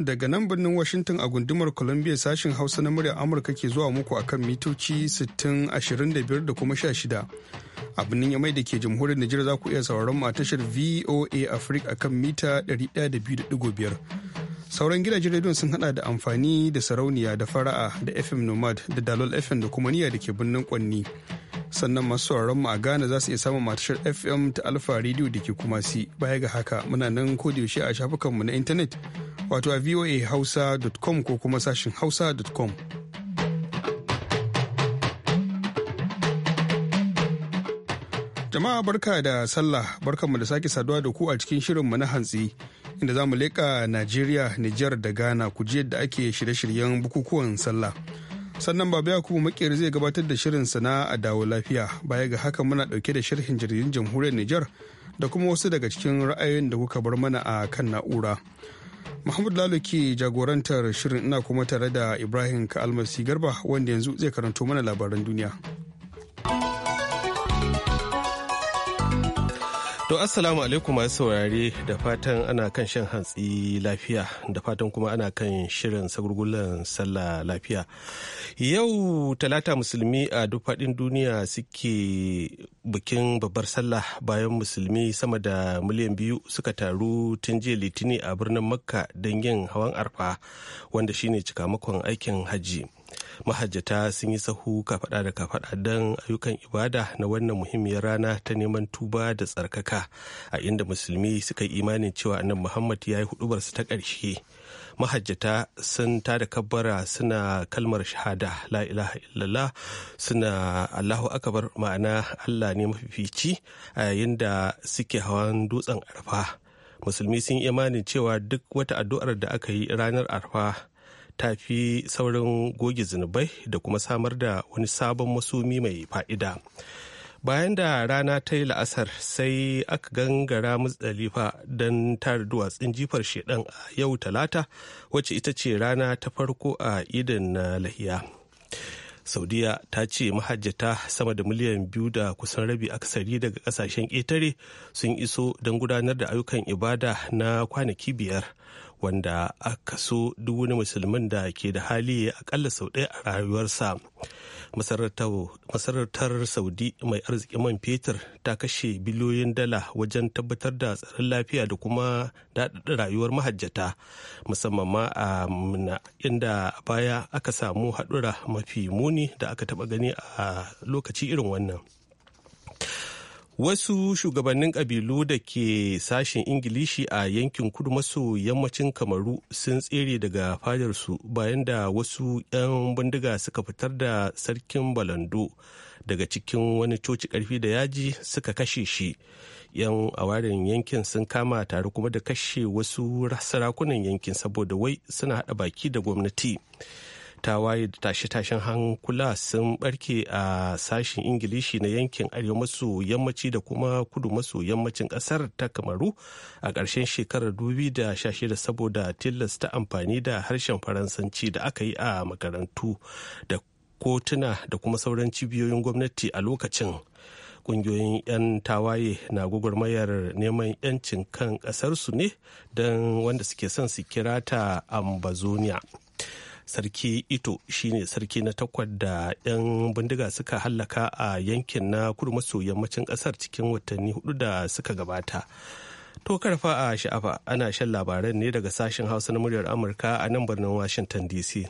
daga nan birnin Washington a gundumar Columbia sashin Hausa na murya Amurka ke zuwa muku akan mitoci 6025 da kuma 16. A birnin Yamai da ke jamhuriyar Nijar za ku iya sauraron mu a tashar VOA Africa akan mita 102.5. Sauran gidajen rediyon sun hada da amfani da sarauniya da fara'a da FM Nomad da Dalol FM da kuma niyya da ke birnin Kwanni. sannan masu mu a Ghana za su iya samun matashar FM ta alpha Radio da ke kuma si baya ga haka muna nan ko yaushe a shafukanmu na intanet wato a voahausa.com ko kuma sashin hausa.com. Jama'a barka da sallah barkanmu da sake saduwa da ku a cikin mu na hantsi inda za mu leƙa Najeriya, Nijar da Ghana ku da ake shirye-shiryen bukukuwan sallah. sannan baba kuma makeri zai gabatar da shirin sana a dawo lafiya baya ga haka muna dauke da sharhin jirgin jamhuriyar niger da kuma wasu daga cikin ra'ayoyin da kuka bar mana a kan na'ura muhammadu lalo ke jagorantar shirin ina kuma tare da ibrahim ka almasi garba wanda yanzu zai karanto mana labaran duniya. To assalamu alaikum masu saurare da fatan ana kan shan hantsi lafiya da fatan kuma ana kan shirin sagurgulan sallah lafiya. Yau talata musulmi a duk faɗin duniya suke bikin babbar sallah bayan musulmi sama da miliyan biyu suka taru tun jiya litini a birnin makka don yin hawan arfa wanda shine cikamakon aikin hajji. mahajjata sun yi sahu kafaɗa da kafaɗa don ayyukan ibada na wannan muhimmiyar rana ta neman tuba da tsarkaka a inda musulmi suka yi imanin cewa nan muhammad ya yi hudubarsa ta ƙarshe mahajjata sun da kabbara suna kalmar shahada la ilaha illallah suna allahu akabar ma'ana allah ne mafifici a yayin da suke hawan dutsen arfa musulmi sun yi imanin cewa duk wata addu'ar da aka yi ranar arfa tafi fi saurin goge zunubai da kuma samar da wani sabon masumi mai fa'ida bayan da rana ta yi la'asar sai aka gangara muzdalifa don tara duwatsun jifar shedan a yau talata wacce ita ce rana ta farko a idan lahiya saudiya ta ce mahajjata sama da miliyan biyu da kusan rabi akasari daga kasashen ƙetare sun iso don gudanar da ayyukan ibada na kwanaki biyar wanda aka so duk wani musulmin da ke da hali ya akalla sau ɗaya a rayuwarsa masarautar saudi mai arzikin man fetur ta kashe biliyoyin dala wajen tabbatar da tsaron lafiya da kuma daɗaɗa rayuwar mahajjata musamman ma a muna inda a baya aka samu haɗura mafi muni da aka taɓa gani a lokaci irin wannan Wasu shugabannin ƙabilu da ke sashen Ingilishi a yankin kudu maso yammacin Kamaru sun tsere daga fadarsu bayan da wasu 'yan bindiga suka fitar da sarkin Balando daga cikin wani coci karfi da yaji suka kashe shi. 'Yan awarin yankin sun kama tare kuma da kashe wasu sarakunan yankin saboda wai suna haɗa baki da gwamnati. tawaye da tashe-tashen hankula sun barke a sashen ingilishi na yankin arewa maso yammaci da kuma kudu maso yammacin kasar ta kamaru a ƙarshen shekarar 2016 saboda tilasta amfani da harshen faransanci da aka yi a makarantu da kotuna da kuma sauran cibiyoyin gwamnati a lokacin ƙungiyoyin 'yan tawaye na gwagwarmayar neman 'yancin kan ƙasarsu ne don wanda suke son su kira ta ambazonia sarki ito shine sarki na takwas da 'yan bindiga suka hallaka a yankin na kudu maso yammacin kasar cikin watanni hudu da suka gabata to karfa a sha'afa ana shan labaran ne daga sashen hausa na muryar amurka a nan birnin washington dc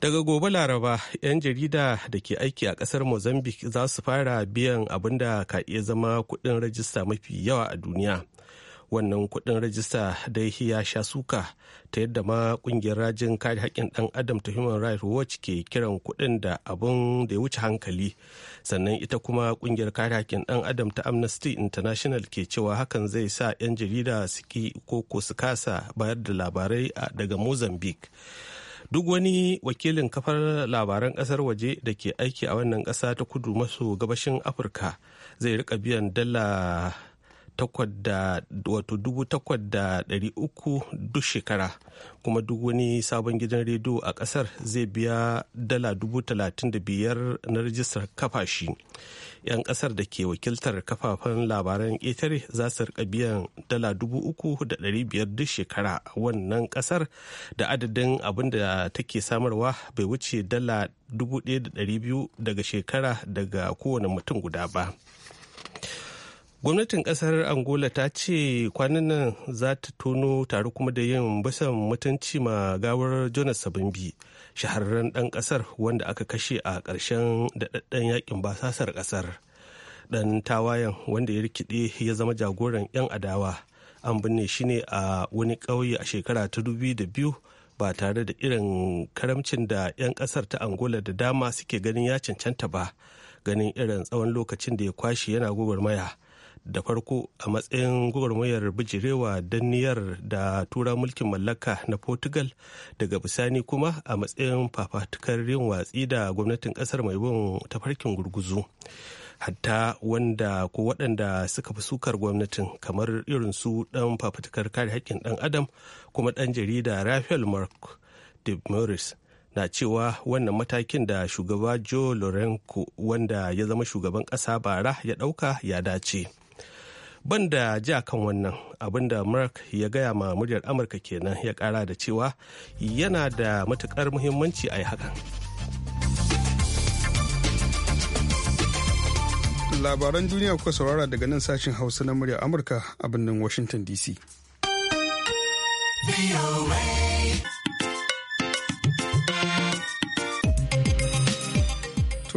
daga gobe laraba 'yan jarida da ke aiki a kasar mozambique za su fara biyan abin da ka iya zama kudin rajista mafi yawa a duniya wannan kuɗin rajista dai ya sha suka ta yadda ma ƙungiyar rajin kare haƙƙin ɗan adam ta human rights watch ke kiran kuɗin da abun da ya wuce hankali sannan ita kuma ƙungiyar kare haƙƙin ɗan adam ta amnesty international ke cewa hakan zai sa 'yan jarida su ki ko su kasa bayar da labarai daga mozambique duk wani wakilin kafar labaran kasar waje da ke aiki a wannan kasa ta kudu maso gabashin afirka zai rika biyan dala uku duk shekara kuma duk wani sabon gidan rediyo a kasar zai biya dala biyar na rajistar kafashi 'yan kasar da ke wakiltar kafafen labaran ƙetare za su rika biyan dala biyar duk shekara a wannan kasar da adadin abin da take samarwa bai wuce dala biyu daga shekara daga kowane mutum guda ba. gwamnatin ƙasar angola ta ce kwanan nan za ta tono tare kuma da yin bisan mutunci ma gawar jonas sabimbi shahararren dan kasar wanda aka kashe a ƙarshen daɗaɗɗen yakin basasar ƙasar ɗan tawayen wanda ya rikide ya zama jagoran 'yan adawa an binne shi ne a wani ƙauye a shekara ta biyu ba tare da irin karamcin da 'yan ƙasar ta angola da dama suke ganin ya cancanta ba ganin irin tsawon lokacin da ya kwashe yana gwagwarmaya maya da farko a matsayin gwagwarmayar bijirewa danniyar da tura mulkin mallaka na portugal daga bisani kuma a matsayin fafatukar yin watsi da gwamnatin kasar mai bin tafarkin gurguzu hatta wanda ko waɗanda suka fi sukar gwamnatin kamar irin su ɗan fafatukar kare haƙƙin ɗan adam kuma ɗan jarida rafael mark de morris na cewa wannan matakin da shugaba joe lorenco wanda ya zama shugaban ƙasa bara ya ɗauka ya dace. Banda da ja kan wannan abinda mark ya gaya ma muryar amurka kenan ya kara da cewa yana da matukar muhimmanci a yi hakan labaran duniya kuka saurara daga nan sashen hausa na muryar amurka a birnin washington dc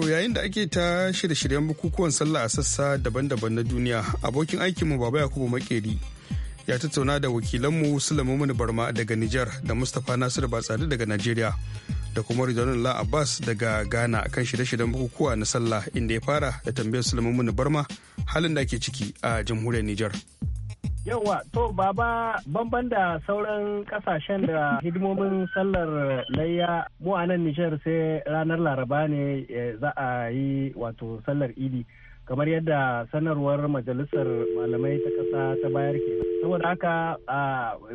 To yayin da ake ta shirye-shiryen bukukuwan sallah a sassa daban-daban na duniya, abokin aikinmu Baba Yakubu Makeri ya tattauna da wakilanmu Sulaiman Barma daga Nijar da Mustapha Nasiru Batsari daga nigeria da kuma la Abbas daga Ghana kan shirye-shiryen bukukuwa na sallah inda ya fara da tambayar Sulaiman Barma halin da ake ciki a jamhuriyar Nijar. yau to baba banban da sauran kasashen da hidimomin sallar layya mu a nan Nijar sai ranar Laraba ne eh, za a yi wato sallar idi. kamar yadda sanarwar majalisar malamai ta ƙasa ta bayar ke saboda haka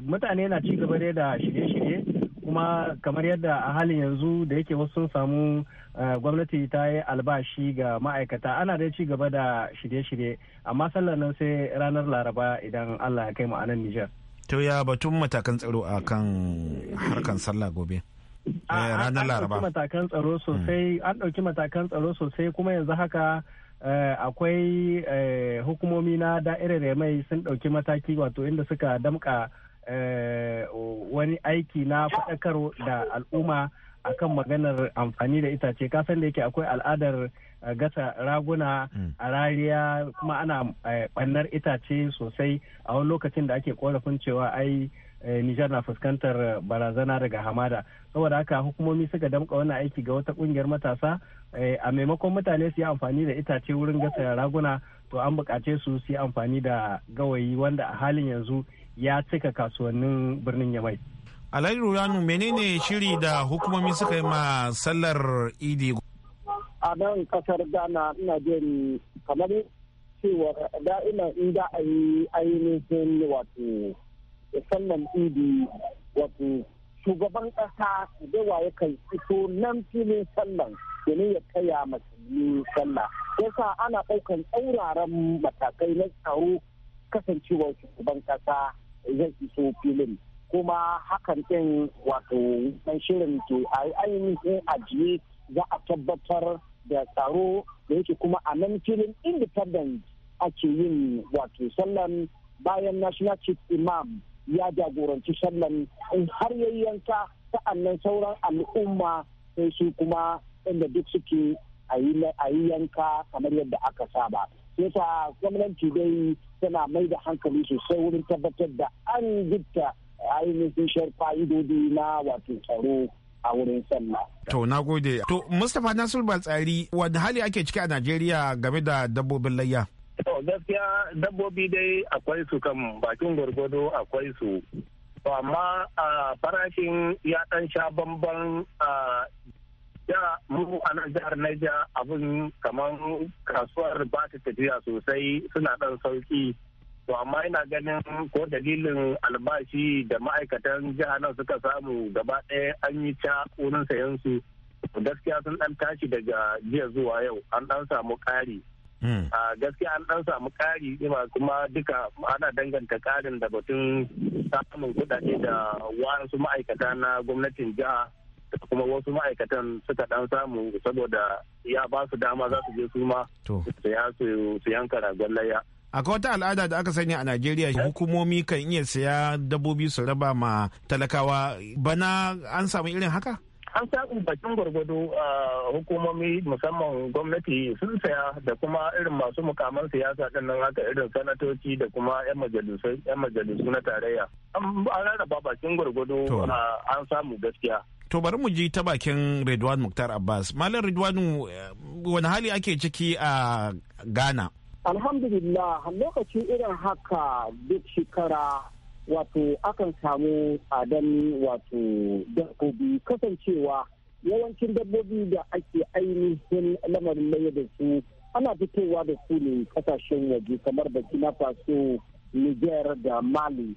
mutane na ci gaba da shirye-shirye kuma kamar yadda a halin yanzu da yake wasu sun samu Eh, gwamnati ta yi albashi ga ma'aikata ana dai ci gaba da shirye-shirye amma sallar sai ranar laraba idan allah ya kai mu a nan nijar to ya batun matakan tsaro a kan harkan sallah gobe eh, ranar laraba matakan tsaro hmm. sosai an ɗauki matakan tsaro sosai kuma yanzu haka eh, akwai hukumomi na da'irar mai sun ɗauki mataki wato inda suka damƙa wani aiki na faɗakar da al'umma akan maganar amfani da itace kasan da yake akwai al'adar eh, gasa raguna mm. a rariya kuma ana bannar eh, itace sosai a wani lokacin da ake korafin cewa ai eh, nijar na fuskantar barazana daga hamada saboda haka hukumomi suka damka wani aiki ga wata kungiyar matasa a maimakon mutane su yi amfani da itace wurin gasa raguna to an bukace su su yi amfani da gawayi wanda a halin yanzu ya cika kasuwannin birnin yamai. Alhaji Ruranu menene shiri da hukumomi suka yi ma sallar Idi? A nan kasar Ghana ina jin kamar cewa da'ina in da a yi ainihin wato sallar Idi wato shugaban kasa da waye kan fito nan filin sallar domin ya kaya yi sallah. Yasa ana ɗaukan tsauraran matakai na tsaro kasancewar shugaban kasa zai iso filin. kuma hakan ɗin wato ɗan shirin ke a ainihin ajiye za a tabbatar da tsaro da yake kuma a nan filin independent ake yin wato sallan bayan national chief imam ya jagoranci sallan in har yayyanka yanka sa'annan sauran al'umma sai su kuma inda duk suke a yi yanka kamar yadda aka saba yasa gwamnati dai tana mai da hankali sosai wurin tabbatar da an gitta ainihin shar fa'idodi na wato tsaro a wurin sannan. To na gode. To Mustapha Nasir Batsari wani hali ake ciki a Najeriya game da dabbobin layya? To gaskiya dabbobi dai akwai su kan bakin gwargwado akwai su. To amma a farashin ya ɗan sha bamban a ya mu a nan jihar Niger abin kamar kasuwar ba ta tafiya sosai suna ɗan sauki. to amma ina ganin ko dalilin albashi da ma'aikatan jiha nan suka samu gaba ɗaya an yi ta wurin sayan su gaskiya sun ɗan tashi daga jiya zuwa yau an ɗan samu ƙari hmm. a gaskiya an ɗan samu ƙari kuma duka ana danganta ƙarin da batun samun kuɗaɗe da wasu ma'aikata na gwamnatin jiha da kuma wasu ma'aikatan suka ɗan samu saboda ya ba su dama za su je su ma su yanka ragon layya akwai wata al'ada da aka sani a najeriya hukumomi kan iya saya dabbobi su raba ma talakawa bana an samu irin haka an samu bakin gwargwado hukumomi musamman gwamnati sun saya da kuma irin masu mukaman siyasa din nan haka irin sanatoci da kuma 'yan majalisu majalisu na tarayya an rarraba bakin gwargwado an samu gaskiya to bari mu ji ta bakin Redwan Muktar Abbas malam Redwanu eh, wani hali ake ciki a Ghana alhamdulillah lokacin irin haka duk shekara wato akan samu tsadan wato dabbobi kasancewa yawancin dabbobi da ake ainihin lamarin laye da su ana fitowa da su ne kasashen waje kamar da kina faso niger da mali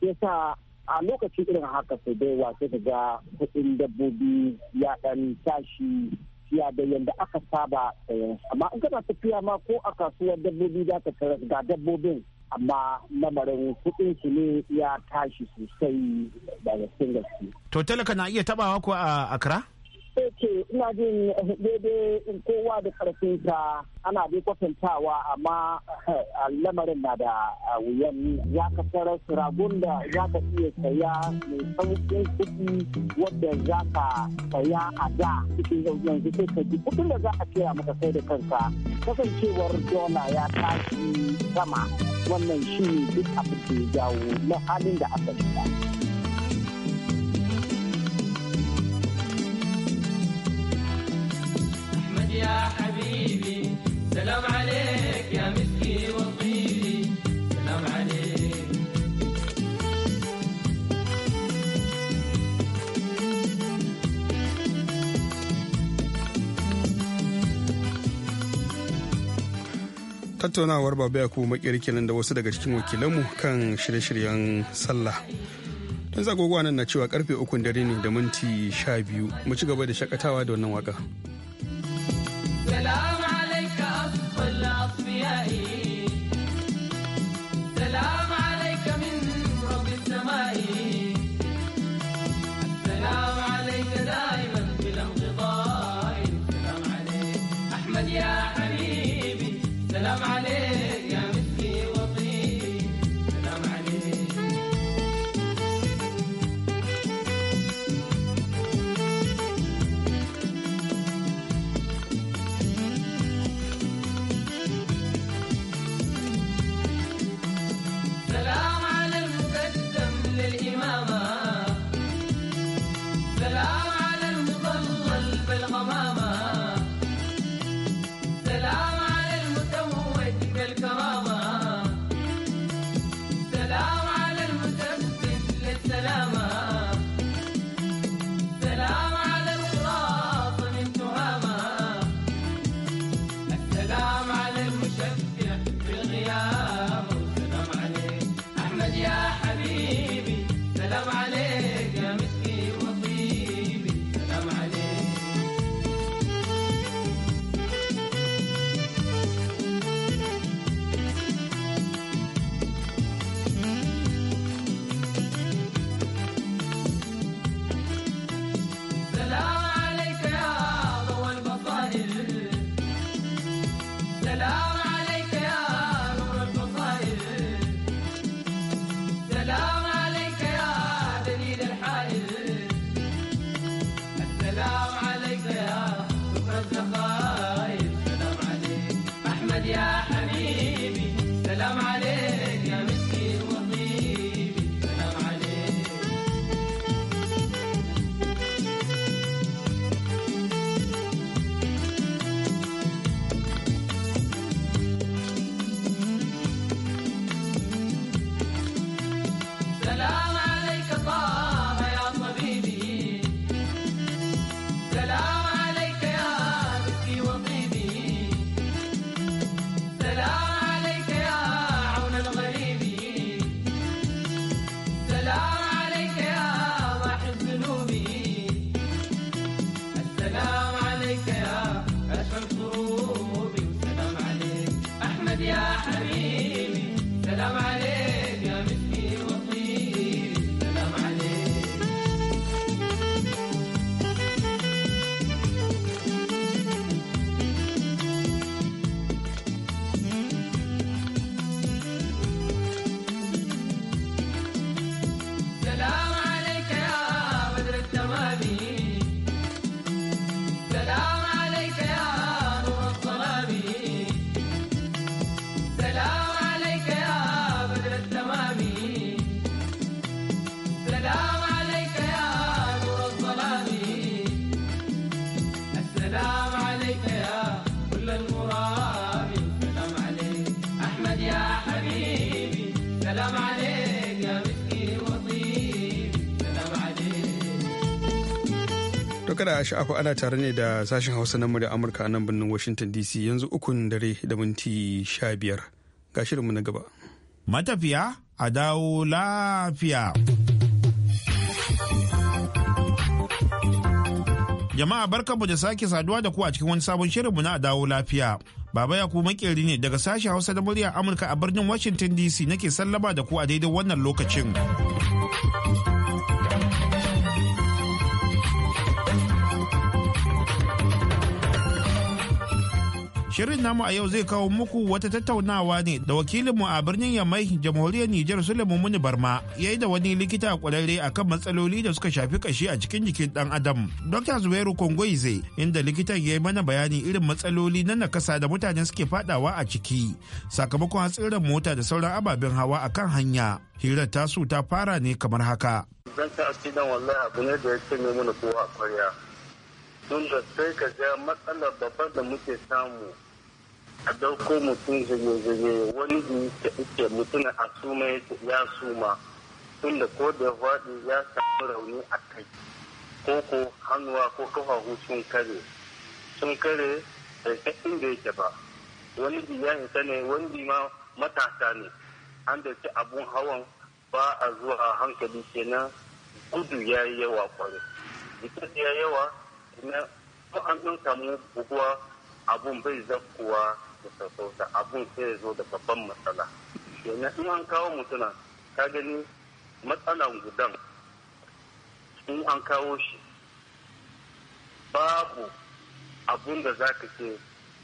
yasa a lokacin irin haka sai dai wasu ga kuɗin dabbobi ya ɗan tashi tafiya da yadda aka saba yansu amma in kana tafiya ma ko a kasuwar dabbobi za ka tarar ga dabbobin amma lamarin kuɗin su ne ya tashi sosai daga cikin gaske. To talaka na iya tabawa ko a Accra? sai ce ina jin eh, daidai kowa da karfinsa ana dai kwatantawa amma eh, lamarin na da eh, wuyan ya ka tarar ragon da za ka iya saya mai sauƙin kuɗi wadda za ka saya a da cikin yanzu sai ka ji kuɗin da za a kira maka sai da kanka kasancewar dola ya tashi sama wannan shi duk abin da ya jawo na halin da aka shiga. tattaunawar babu ya kuma nan da wasu daga cikin wakilanmu kan shirye-shiryen sallah don zagogowa nan na cewa karfe ukun dare ne da minti sha biyu mu ci gaba da shakatawa da wannan waka. Yeah. حبيبي سلام عليك a sha'afa ana tare ne da sashen hausa na murya amurka a nan birnin washington dc yanzu ukun dare da minti sha biyar ga shirinmu na gaba matafiya a dawo lafiya jama'a barkamu da sake saduwa da ku a cikin wani sabon shirinmu na a dawo lafiya Baba ya kuma makeri ne daga sashen Hausa da muryar Amurka a birnin Washington DC nake sallama da ku a daidai wannan lokacin. Shirin namu a yau zai kawo muku wata tattaunawa ne da wakilinmu a birnin Yamai, jamhuriyar Nijar Suleiman Muni Barma, ya yi da wani likita kwararre kan matsaloli da suka shafi kashi a cikin jikin dan Adam. Dr. Zubairu Kongoize, inda likitan ya yi mana bayani irin matsaloli na nakasa da mutane suke fadawa a ciki, sakamakon hatsirar mota da sauran ababen hawa a kan hanya. Hirar tasu ta fara ne kamar haka. Zan ta asidan wallahi abu ne da ya ce mana kowa a kwarya. Tun da sai ka ga matsalar babbar da muke samu a dauko mutum zage-zage wani da ike mutum a suma ya suma tunda ko da faɗi ya samu rauni a kai ko ko hannuwa ko kafafu sun kare sun kare da inda yake ba wani bi ya hita ne wani ma matasa ne an da ci abun hawan ba a zuwa a hankali kenan gudu ya yi yawa kwarai jikin ya yawa ina ko an ɗan samu buguwa abun bai zakkuwa da sassauta abun sai ya zo da babban matsala kenan in an kawo mutuna ka gani matsalan gudan in an kawo shi babu abun da za ka ce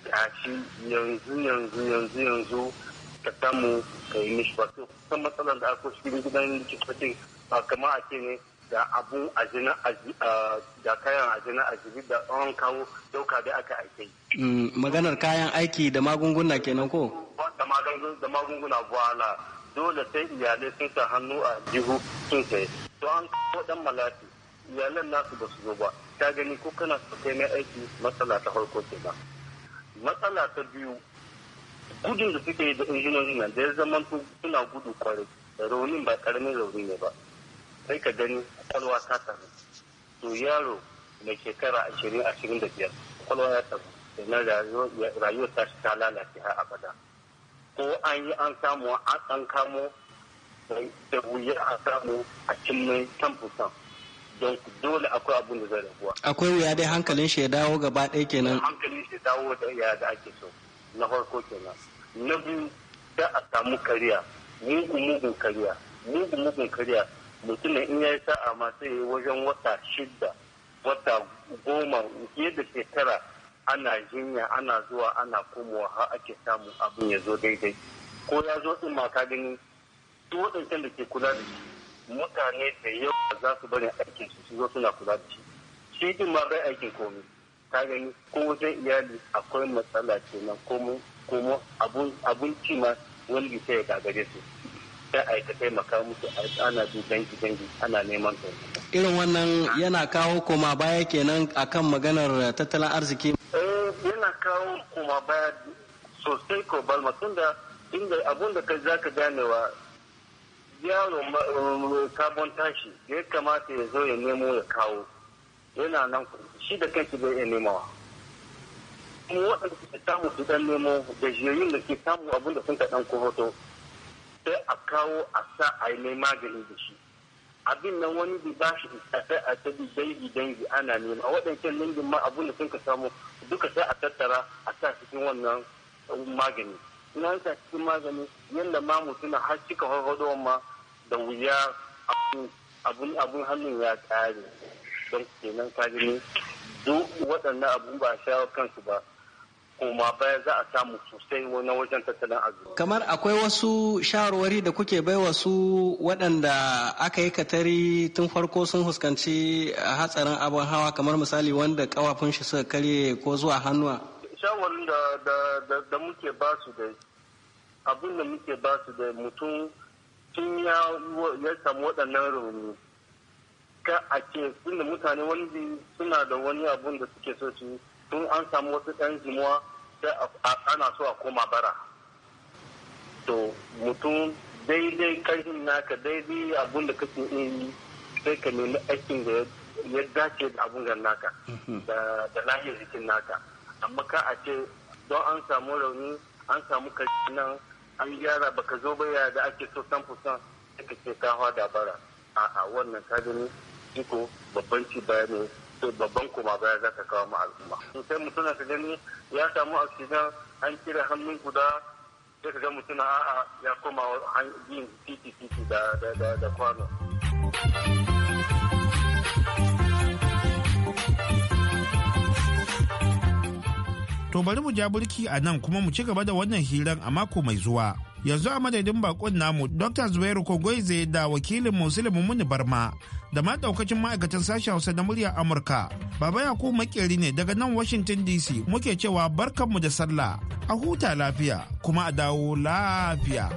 gashi yanzu yanzu yanzu yanzu ka samu ka yi mishi ba kusan matsalar da aka cikin gidan likitocin ba kama a ce ne da abu a da kayan a a jibi da tsawon kawo dauka da aka aike. Mm, maganar kayan aiki da magunguna kenan ko? Da magunguna buwala dole sai iyalai sun sa hannu a jihu sun sai. To an kawo dan malati iyalan nasu ba su zo ba. Ta gani ko kana su kai mai aiki matsala ta farko ce ba. Matsala ta biyu gudun da suke yi da injinonin na da ya zama suna gudu kwarai. Raunin ba karamin rauni ne ba. sai ka gani kwalwa ta samu to yaro mai shekara ashirin ashirin da biyar kwalwa ya samu sannan rayuwar ta ta lalace har abada ko an yi an samu an kamo da wuya a samu a cimmin can don dole akwai abin da zai rabuwa akwai wuya dai hankalin shi ya dawo gaba ɗaya kenan hankalin shi dawo da ya da ake so na farko kenan na biyu da a samu kariya mugun mugun kariya mugun mugun kariya mutumin in ya yi sa'a masu yi wajen wata shidda wata goma fiye da shekara ana jinya ana zuwa ana komowa har ake samun abin ya zo daidai ko ya zo in ma ka gani duk waɗancan da ke kula da shi mutane da yawa za su bari aikin su su zo suna kula da shi shi din ma bai aikin komai ka gani ko wajen iyali akwai matsala kenan komo abun abinci ma wani bisa ya gagare su sai a ta taimaka musu ana su dangi ana neman irin wannan yana kawo koma baya kenan akan maganar tattalin arziki eh, yana kawo koma baya sosai ko balma tunda inda abun da kai zaka ganewa yaro eh, sabon tashi ya kamata ya zo ya nemo ya kawo yana nan shi da kanki bai iya nemawa kuma waɗanda suke samu su ɗan nemo da jiyoyin da ke samu abun da sun ka ɗan kuhoto sai a kawo a sa a yi mai magani da shi abin nan wani bi ba shi tsaye a tabi dangi dangi ana nema waɗancan dangin ma abin da sun ka samu duka sai a tattara a sa cikin wannan magani na sa cikin magani yadda ma mutuna har cika harhadowa ma da wuya abun hannun ya kare don kenan ka gani duk waɗannan abin ba shawo kansu ba koma baya za a samu sosai na wajen tattalin arziki. Kamar akwai wasu shawarwari da kuke bai wasu waɗanda aka yi katari tun farko sun huskanci eh, hatsarin abin hawa kamar misali wanda kawafin shi suka karye ko zuwa hannuwa. Shawarin da, muke ba su da abin da muke ba su da mutum tun ya, samu waɗannan rauni. Ka a ce tunda mutane wanda suna da wani abun da suke so su tun an samu wasu ɗan jimuwa sai ana so a koma bara to mutum daidai karfin naka daidai abun da kake yi sai ka nemi aikin da ya dace da abun gan naka mhm. da lahiyar jikin naka amma ka a ce don an samu rauni an samu karfi nan an gyara baka zo ba ya da ake so san fusan sai ka ce ka da bara a'a wannan ka gani iko babban ci bayanin to babban koma baya za ta kawo mu al'umma sai mutum ka gani ya samu oxygen an kira hannun guda sai ka ga mutum a'a ya koma yin titi titi da kwano. To bari mu ja burki a nan kuma mu ci gaba da wannan hiran a mako mai zuwa. Yanzu a madadin bakon namu Dr. Zubairu Kogoize da wakilin Musulun Muni Barma da ma daukacin ma'aikatan sashen Hausa na muryar Amurka. Baba Yakubu makeri ne daga nan Washington DC muke cewa barkanmu da sallah a huta lafiya kuma a dawo lafiya.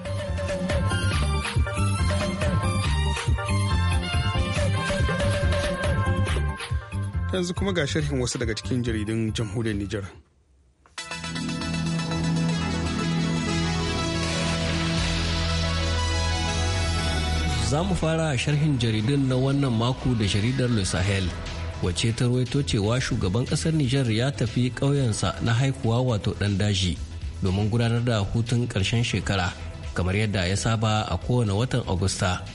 Yanzu kuma ga sharhin wasu daga cikin jaridun jamhuriyar Nijar. Za mu fara sharhin jaridun na wannan mako da jaridar Le Sahel. Wace ta ruwaito cewa shugaban ƙasar Nijar ya tafi ƙauyensa na haikuwa wato ɗan daji domin gudanar da hutun ƙarshen shekara kamar yadda ya saba a kowane watan Agusta.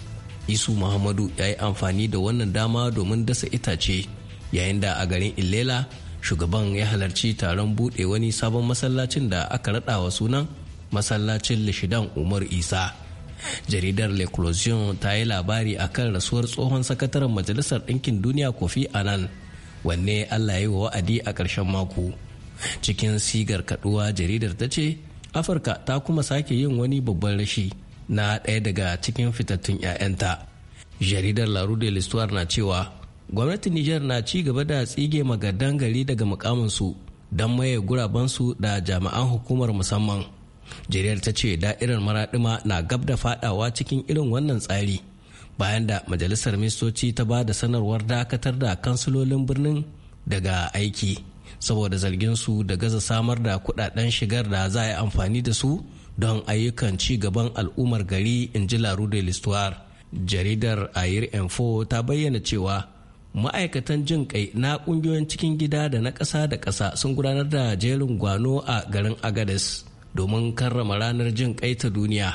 Isu Muhammadu ya yi amfani da wannan dama domin dasa itace yayin da a garin Ilela shugaban ya halarci taron bude wani sabon masallacin da aka raɗa wa sunan masallacin lishidan Umar Isa. jaridar l'eclosion ta yi labari akan rasuwar tsohon sakataren majalisar ɗinkin duniya kofi anan wanne allah ya yi wa wa'adi a ƙarshen mako cikin sigar kaduwa jaridar ta ce afirka ta kuma sake yin wani babban rashi na ɗaya daga cikin fitattun 'ya'yanta jaridar la rue na cewa gwamnatin niger na ci gaba da tsige magadan gari daga su don maye gurabansu da jami'an hukumar musamman jeriyar ta ce da'irar maraɗima na gab da fadawa cikin irin wannan tsari bayan da majalisar ministoci ta ba da sanarwar dakatar da kansilolin birnin daga aiki saboda zargin su da gaza samar da kudaden shigar da za a yi amfani da su don ayyukan ci gaban al'ummar gari in ji larude listuwar jaridar ayir info ta bayyana cewa ma'aikatan jin kai na kungiyoyin cikin gida da na ƙasa da ƙasa sun gudanar da jerin gwano a garin agades domin karrama ranar jin kai ta duniya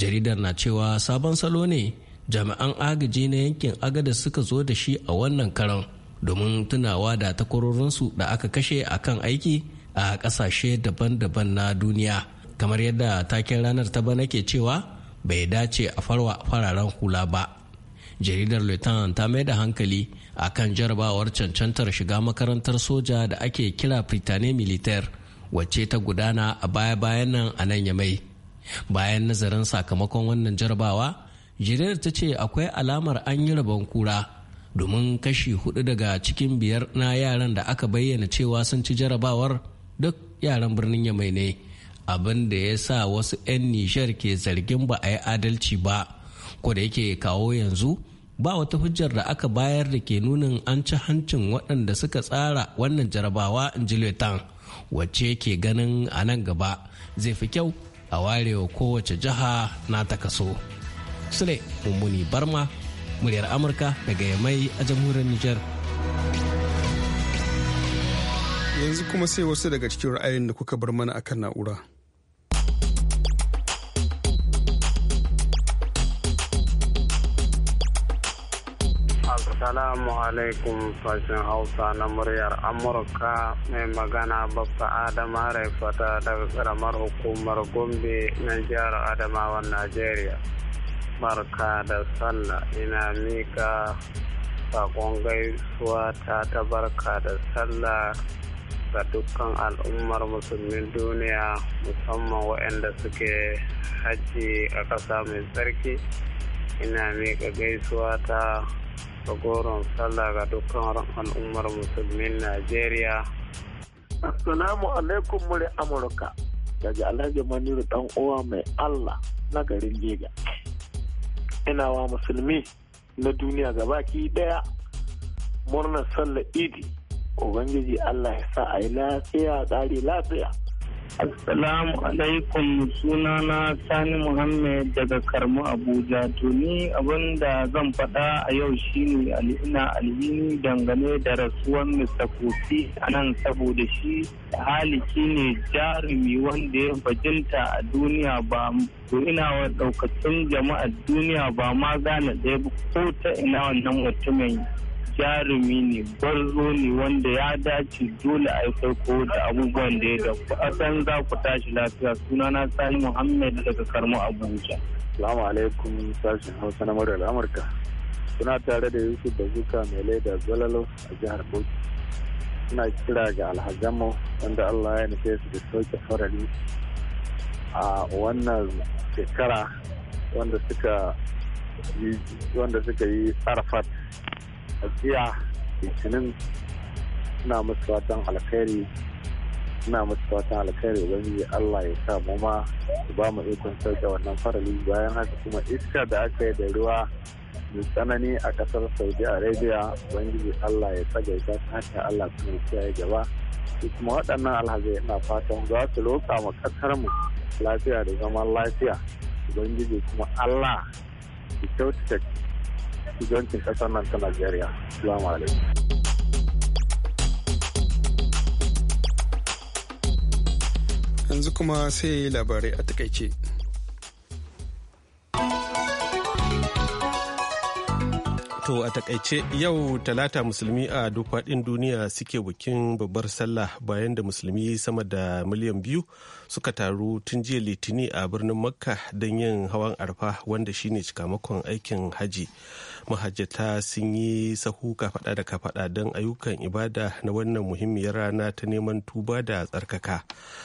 jaridar na cewa sabon salo ne jami'an agaji na yankin agada suka zo da shi a wannan karan domin tunawa da takwarorinsu da aka kashe a kan aiki a kasashe daban-daban na duniya kamar yadda taken ranar ta bana ke cewa bai dace a farwa fararen hula ba jaridar lieutenant ta mai da hankali a kan jarabawar cancantar shiga makarantar soja da ake kira pritane militaire wacce ta gudana a baya-bayan nan a nan yamai bayan nazarin sakamakon wannan jarabawa jirar ta ce akwai alamar an yi rabon kura domin kashi hudu daga cikin biyar na yaran da aka bayyana cewa sun ci jarabawar duk yaran birnin yamai ne abin da ya sa wasu 'yan nishar ke zargin ba a yi adalci ba ko da yake kawo yanzu ba wata hujjar da aka bayar da ke nunin an ci hancin waɗanda suka tsara wannan jarabawa in ji wacce ke ganin a nan gaba zai fi kyau a warewa kowace jiha na ta kaso. Sule Mummuni Barma, muryar Amurka daga Yamai a jamhuriyar Nijar. Yanzu kuma sai wasu daga cikin ra'ayin da kuka bar mana akan na'ura. Assalamu alaikum fashin Hausa na muryar Amurka mai magana babba Adama fata daga karamar hukumar Gombe na jihar Adamawa Najeriya. Barka da sallah ina mika sakon gaisuwa ta ta barka da sallah ga dukkan al'ummar musulmin duniya musamman waɗanda suke hajji a ƙasa mai tsarki ina mika gaisuwa ta goron sallah ga dukkan al'ummar musulmin Najeriya. Assalamu alaikum muri Amurka daga Alhaji Maniru dan uwa mai Allah na garin Jega. Ina wa musulmi na duniya gabaki daya murnar sallar Idi. Ubangiji Allah ya sa a yi lafiya tsari lafiya. Assalamu alaikum sunana Sani Muhammad daga Karmu Abuja. To ni abin da zan faɗa a yau shine ina alhini dangane da rasuwan Mr. Kofi a nan saboda shi haliki ne jarumi wanda ya bajinta a duniya ba to ina wa daukacin jama'ar duniya ba ma gane ɗaya ko ta ina wannan mutumin jarumi ne barzo ne wanda ya dace dole a yi farko da abubuwan da ya a asan za ku tashi lafiya sunana sani muhammad daga karmo abuja salamu alaikum sashen hausa na murar amurka suna tare da yusuf da zuka mai laida zalalo a jihar bauchi suna kira ga alhazanmu wanda allah ya nufe su da sauke farari a wannan shekara wanda suka yi arafat ajiya litinin suna musu watan alkhairi suna musu watan alkhairi ya allah ya sa mu ma ba mu ikon sauke wannan farali bayan haka kuma iska da aka yi da ruwa mai tsanani a kasar saudi arabia ya allah ya tsagaita ta haka allah kuma kiyaye gaba su kuma waɗannan alhazai ina fatan za su loka ma kasar mu lafiya da zaman lafiya ubangiji kuma allah ya kyautata shugabancin kasar nan ta Najeriya. Salamu alaikum. Yanzu kuma sai labarai a takaice. To a takaice yau talata musulmi a duk faɗin duniya suke bikin babbar sallah bayan da musulmi sama da miliyan biyu suka taru tun jiya litini a birnin makka don yin hawan arfa wanda shine cikamakon aikin haji mahajjata sun yi sahu kafaɗa da kafaɗa don ayyukan ibada na wannan muhimmiyar rana ta neman tuba da tsarkaka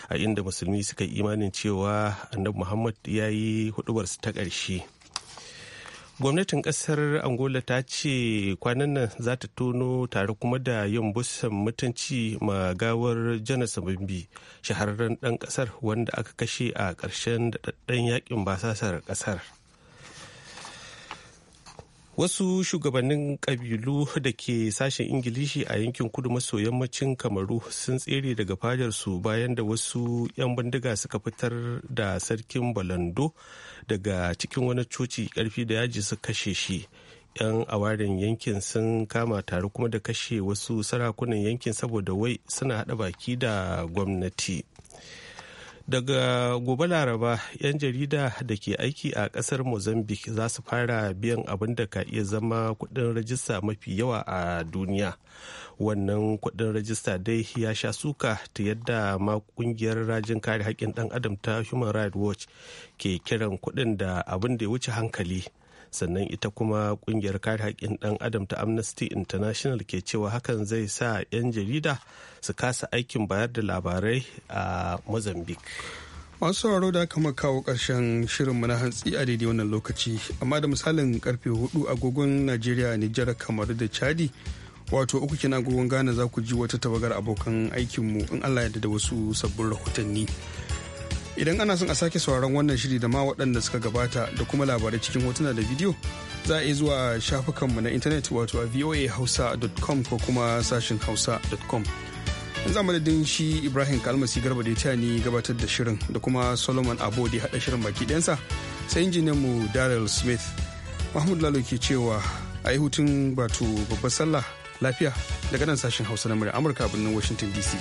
a inda musulmi suka imanin cewa annabi muhammad ya yi hudubarsu ta ƙarshe. gwamnatin kasar angola ta ce kwanan nan za ta tono tare kuma da yin busan mutunci ma gawar janar sabimbi shahararren ɗan ƙasar wanda aka kashe a ƙarshen daɗaɗɗen yakin basasar ƙasar. wasu shugabannin ƙabilu da ke sashen ingilishi a yankin kudu maso yammacin kamaru sun tsere daga fadarsu bayan da wasu 'yan bindiga suka fitar da sarkin balando daga cikin wani coci karfi da yaji su kashe shi 'yan awarin yankin sun kama tare kuma da kashe wasu sarakunan yankin saboda wai suna hada baki da gwamnati daga gobe laraba 'yan jarida da ke aiki a kasar mozambique za su fara biyan abin da ka iya zama kudin rajista mafi yawa a duniya wannan kudin rajista dai ya sha suka ta yadda ma kungiyar rajin kare haƙƙin ɗan adam ta human rights watch ke kiran kudin da abin da ya wuce hankali sannan ita kuma kungiyar kare haƙƙin ɗan adam ta amnesty international ke cewa hakan zai sa 'yan jarida su kasa aikin bayar da labarai a mozambique masu sauraro da aka kawo ƙarshen shirinmu na hantsi a daidai wannan lokaci amma da misalin karfe 4 agogon najeriya nijar kamar da chadi wato uku kina agogon ghana za ku ji wata tabagar abokan aikinmu in allah ya da wasu sabbin rahotanni idan ana son a sake sauraron wannan shiri da ma waɗanda suka gabata da kuma labarai cikin hotuna da bidiyo za a iya zuwa shafukanmu na intanet wato a voahausa.com ko kuma sashin hausa.com yanzu da shi ibrahim kalmasi garba da ya ni gabatar da shirin da kuma solomon abu da haɗa shirin baki ɗansa sai mu daryl smith mahmud lalo ke cewa a yi hutun batu babbar sallah lafiya daga nan sashen hausa na murya amurka birnin washington dc